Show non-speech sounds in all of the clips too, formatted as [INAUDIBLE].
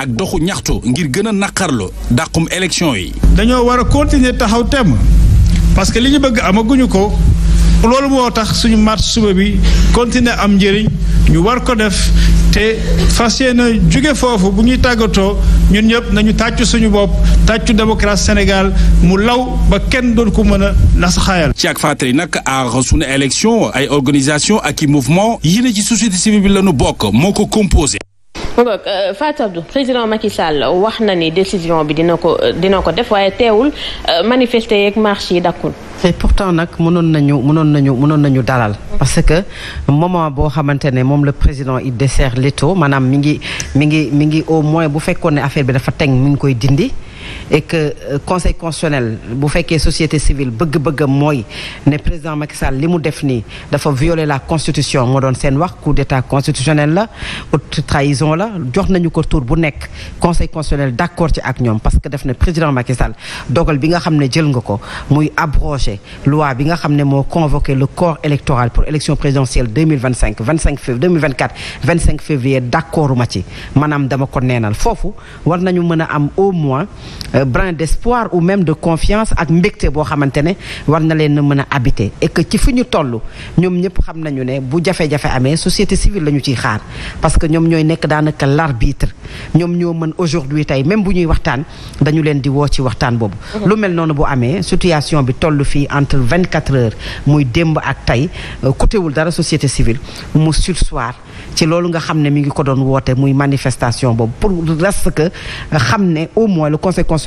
ak doxu ñaxtu ngir gën a naqarlu dàqum élection yi. dañoo war a continuer taxaw temm parce que li ñu bëgg amaguñu ko. loolu moo tax suñu marche suba bi continuer am njëriñ ñu war ko def te fas yéene juge foofu bu ñuy tàggatoo ñun ñëpp nañu tàccu suñu bopp tàccu démocratie Sénégal mu law ba kenn doon ko mën a nasaxaayal ci ak fàttali nag aar sunu élection ay organisation ak i mouvement yi ne ci société civile bi la ñu bokk moo ko composé donc euh, Fatou Abdou président Macky wax na ni décision bi dina ko dina ko def waaye teewul euh, manifester yeeg marche yi dakkul. et pourtant nag mënoon nañu mënoon nañu mënoon nañu dalal. parce que moment boo xamante ne moom le président il dessert l'étau maanaam mi ngi mi ngi mi ngi au moins bu fekkoon ne affaire bi dafa teg mu ngi koy dindi. et que euh, conseil constitutionnel bu fekkee société civile bëgg-bëgg mooy ne président Macky Sall li mu def nii dafa violer la constitution moo doon seen wax coup d'état constitutionnel la haute trahison la jox nañu ko tour bu nekk conseil constitutionnel d'accord ci ak ñoom parce que def na président Macky Sall dogal bi nga xam ne jël nga ko muy abroger loi bi nga xam ne moo convoqué le corps électoral pour élection présidentielle 2025 25 février 2024 25 février d'accorduma ci maanaam dama ko neenal foofu war nañu mën a am au moins euh, Euh, brin d'espoir ou même de confiance ak mbégte boo xamante ne war na leen mën a habiter et ci fi ñu toll ñoom ñëpp xam nañu ne bu jafe-jafe amee société civile la ñu ciy xaar parce que ñoom ñooy nekk daanaka l'arbitre ñoom ñoo mën aujourd'hui tey même bu ñuy waxtaan dañu leen di woo ci waxtaan boobu mhm. lu mel noonu bu amee situation bi toll fii entre vingt quatre heures muy démb ak tey kutewul euh, dara société civile mu sursoir ci loolu nga xam ne mu ngi ko doon woote muy manifestation boobu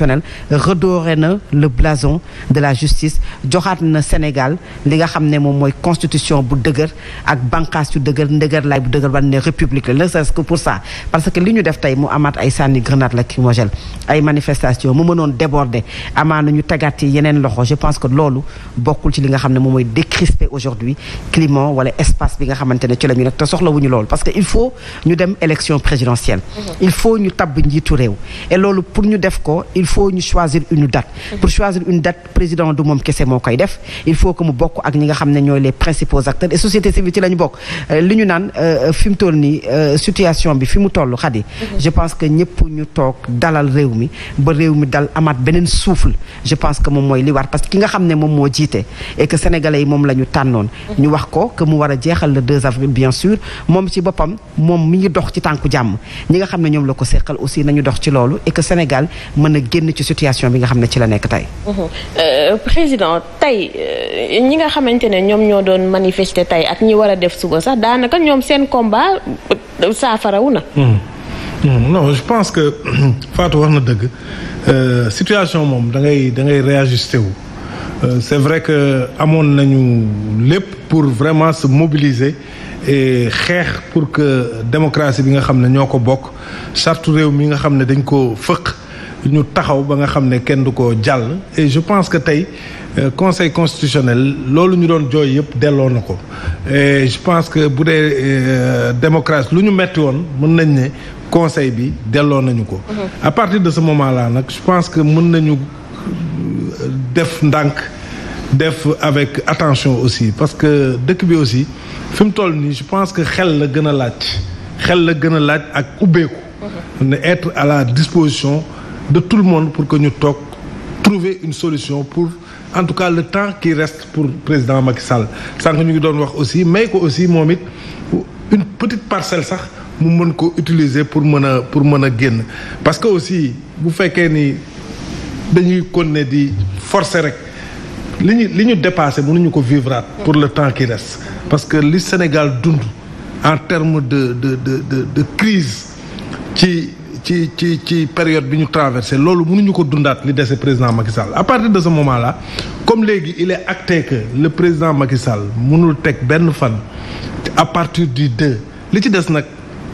constitutionnel redoré na le blason de la justice joxaat na Sénégal li nga xam ne moom mooy constitution bu dëgër ak bànqaas yu dëgër ndëgër laay bu dëgër ban ne république la ne serait que pour ça parce que li ñu def tey mu amaat ay sànni grenade lacrymogène ay manifestation mu mënoon déborder amaana ñu tegaat yi yeneen loxo je pense que loolu bokkul ci li nga xam ne mooy décrisper aujourd'hui climat wala espace bi nga xamante ne ci la ñu nekk te soxlawuñu loolu parce que il faut ñu dem élection présidentielle mm-hmm. faut ñu choisir une date mhm. pour choisir une date président du moom kese moo koy def il faut que mu bokk ak ñi nga xam ne ñooy les principaux acteurs et société civile ci la ñu bokk euh, li ñu euh, mu toll nii euh, situation bi fi mu toll xadi mhm. je pense que ñëpp ñu toog dalal réew mi ba réew mi dal amaat beneen souffle je pense que moom mooy li war que ki nga xam ne moom moo jiite et que sénégalais ñu tànnoon mhm. ñu wax ko war a jeexal le 2 avril bien sûr moom ci boppam moom mi ngi dox ci tànku jàmm ñi nga xam ne ñoom la ko seqal aussi nañu dox ci loolu et que Sénégal mën a génn génn ci situation bi nga xam ne ci la nekk tey. Euh, président tey euh, ñi nga xamante ne ñoom ñoo doon manifester tey ak ñi war a def suba sax daanaka ñoom seen combat euh, saafarawu na. Mmh. Mmh. non je pense que [CLEARS THROAT] Fatou wax na dëgg situation moom dangay ngay da ngay réajusté wu. c'est vrai que amoon nañu lépp pour vraiment se mobiliser et xeex pour que démocratie bi nga xam ne ñoo ko bokk sartu réew mi nga xam ne dañ ko fëq ñu taxaw ba nga xam ne kenn du ko jàll et je pense que tey euh, conseil constitutionnel loolu ñu doon jooy yëpp delloo na ko e je pense que bu dee euh, démocratie lu ñu metti woon mën nañ ne conseil bi delloo nañu ko mhm. à partir de ce moment là nag je pense que mën nañu euh, def ndànk def avec attention aussi parce que dëkk bi aussi fi mu toll nii je pense que xel la gën a laaj xel la gën a laaj ak ubbeeku mhm. ne être à la disposition de tout le monde pour que ñu toog trouver une solution pour en tout cas le temps qui reste pour président Macky Sall sànq ñu ngi doon wax aussi may ko aussi moom it une petite parcelle sax mu mën ko utiliser pour mën a pour mën a génn parce que aussi bu fekkee ni dañuy continuer di forcer rek li ñu li ñu dépassé mënuñu ko vivraat pour le temps qui reste parce que li Sénégal dund en terme de de de de de crise ci ci ci ci période bi ñu traversé loolu mënuñu ko dundaat li dese président Macky Sall de ce moment là comme léegi il est acté le président Macky Sall mënul teg benn fan à partir du de li ci des nag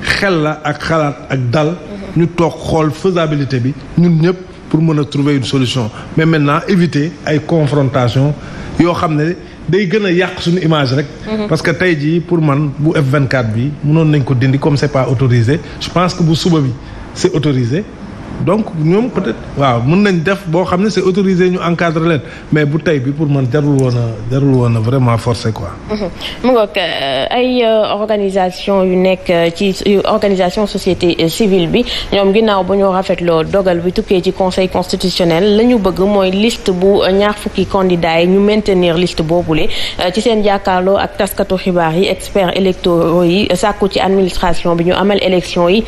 xel la ak xalaat ak dal ñu toog xool faisabilité bi ñun ñëpp pour mën a trouver une solution mais maintenant éviter ay confrontation yoo xam ne day gën a yàq suñu image rek. Mhm. parce que tey jii pour man bu F24 bi mënoon nañ ko dindi comme c'est pas autorisé je pense bu suba bi. c'est autorisé donc ñoom peut-être waaw mën nañ def boo xam ne c'est autorisé ñu encadrer leen mais bu tey bi pour man jarul woon a jarul woon vraiment forcé quoi. Mhm. Euh, ay euh, organisation yu nekk euh, ci organisation société civile bi ñoom ginnaaw ba ñoo rafetloo dogal bi tukkee ci conseil constitutionnel la ñu bëgg mooy list bu ñaar fukki candidats yi ñu maintenir liste le ci seen jàkkaarloo ak taskatu xibaar yi experts électoraux yi sàkku ci administration bi ñu amal élection yi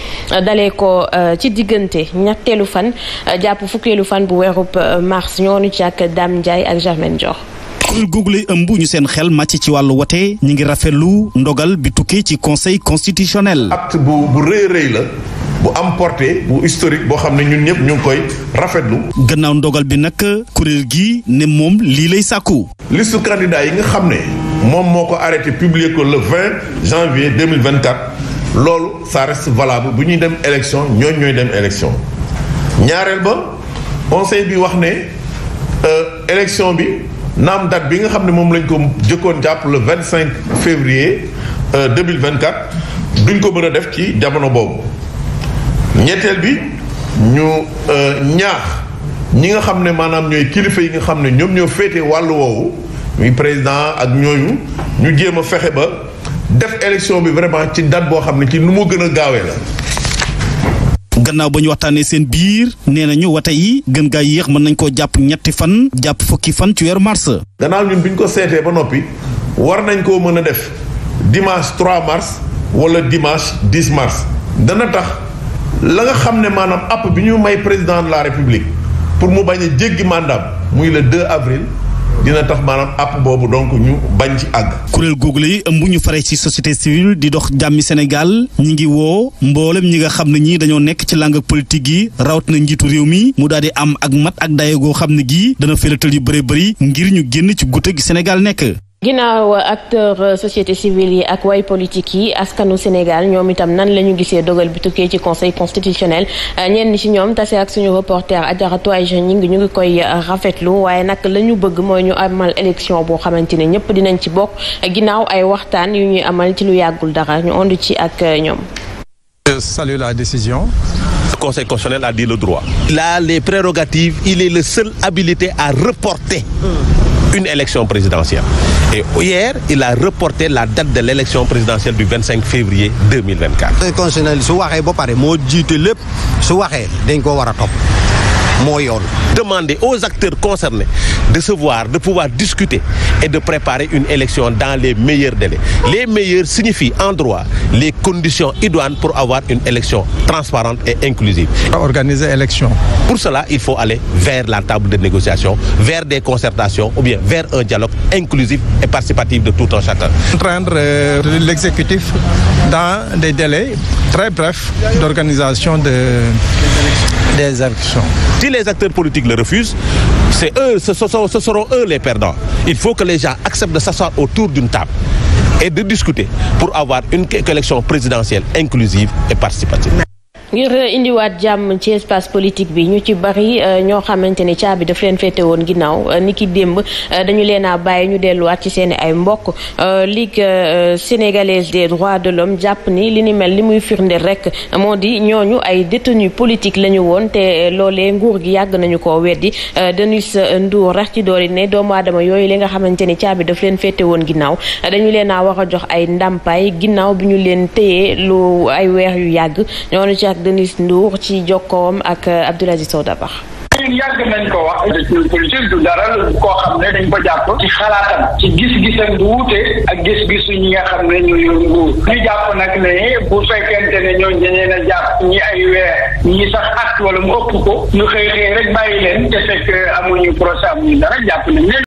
ñetteelu fan euh, jàpp fukkeelu fan bu weerub euh, mars ñoonu ci ak Dame Ndiaye ak Germaine Dior kuréel googu lay ëmb ñu seen xel màcc ci wàllu wote ñi ngi rafetlu ndogal bi tukkee ci conseil constitutionnel. acte bu bu rëy rëy la bu am portée bu historique boo xam ne ñun ñëpp ñu ngi koy rafetlu. gannaaw ndogal bi nag kuréel gi ne moom lii lay sàkku. liste candidat yi nga xam ne moom moo ko arrêté publier ko le 20 janvier 2024 loolu ça reste bu ñuy dem élection ñooñ ñooy dem élection. ñaareel ba conseil bi wax ne euh, élection bi naam date bi nga xam ne moom lañ ko jëkkoon jàpp le 25 février 2024 euh, duñ ko mën a def ci jamono boobu ñetteel bi ñu euh, ñaax ñi nga xam ne maanaam ñooy kilifa yi nga xam ne ñoom ñoo féete wàll woowu muy président ak ñooñu ñu jéem a fexe ba def élection bi vraiment ci date boo xam ne ci nu mu gën a gaawee la gannaaw ba ñu waxtaanee seen biir nee nañu wate yi gën gaa yéex mën nañ koo jàpp ñetti fan jàpp fukki fan ci weeru mars. gannaaw ñun bi ñu ko seetee ba noppi war nañ koo mën a def dimanche 3 mars wala dimanche 10 mars dana tax la nga xam ne maanaam app bi ñu may président la république pour mu bañ a jéggi mandat muy le 2 avril. dina tax maanaam app boobu donc ñu bañ ci àgg. kuréel googu yi ëmb ñu fare ci société civile di dox jàmmi Sénégal ñi ngi woo mboolem ñi nga xam ne ñii dañoo nekk ci làng politique gi rawat na njiitu réew mi mu daal di am ak mat ak daye goo xam ne gii dana félatal yu bëri bëri ngir ñu génn ci guute gi Sénégal nekk. ginnaaw acteur euh, société civile yi ak way politique yi askanu Sénégal ñoom itam nan la ñu gisee dogal bi tukkee ci conseil constitutionnel euh, ñenn ci ñoom tase ak suñu reporter Adjaratou Aïcha ñi ngi ñu ngi koy euh, rafetlu waaye nag la ñu bëgg mooy ñu amal élection boo xamante ne ñëpp dinañ ci bokk ginnaaw ay waxtaan yu ñuy amal ci lu yàggul dara ñu ondu ci ak ñoom. Je décision. Le Conseil constitutionnel a dit le droit. Il a les prérogatives, il est le seul habilité à reporter une élection Et hier, il a reporté la date de l'élection présidentielle du 25 février 2024. constitutionnel su waxee ba pare moo jiite lépp su waxee dañ ko war a topp moo yoon. demander aux acteurs concernés de se voir, de pouvoir discuter et de préparer une élection dans les meilleurs délais. Les meilleurs signifient en droit les conditions idoines pour avoir une élection transparente et inclusive. Organiser élection. Pour cela, il faut aller vers la table de négociation, vers des concertations ou bien vers un dialogue inclusif et participatif de tout un chacun. Prendre euh, l'exécutif dans des délais très brefs d'organisation de, des élections. Si les acteurs politiques politique le refuse, c'est eux, ce, ce, ce seront eux les perdants. Il faut que les gens acceptent de s'asseoir autour d'une table et de discuter pour avoir une élection présidentielle inclusive et participative. ngir indiwaat jàmm ci espace politique bi ñu ci bari euh, ñoo xamante ne caabi daf leen féete woon ginnaaw euh, ni ki démb euh, dañu leen a bàyyi ñu delluwaat ci seen ay mbokk ligue sénégalaise des droits de l'homme jàpp ni li ni mel li muy firndeel rek moo di ñooñu ay détenus politique la ñu woon te loolee nguur gi yàgg nañu ko weddi Denis Ndour rax ci yi ne doomu aadama yooyu li nga xamante ne caabi daf leen féete woon ginnaaw dañu leen a war a jox ay ndàmpaay ginnaaw bi ñu leen téyee lu ay weer yu yàgg ak Denis Ndour ci jokkoom ak euh, Abdoul Aziz Sow Dabakh yàgg nañ ko wax détenu politique du dara koo xam ne dañ ko jàpp ci xalaatam ci gis-gisam du wuute ak gis-gisu ñi nga xam ne ñu yor nguur ñu jàpp nag ne bu fekkente ne ñoo ñeneen a jàpp ñi ay weer ñi sax at wala mu ëpp ko ñu xëy xëy rek bàyyi leen te fekk amuñu procès amuñu dara jàpp nañ leen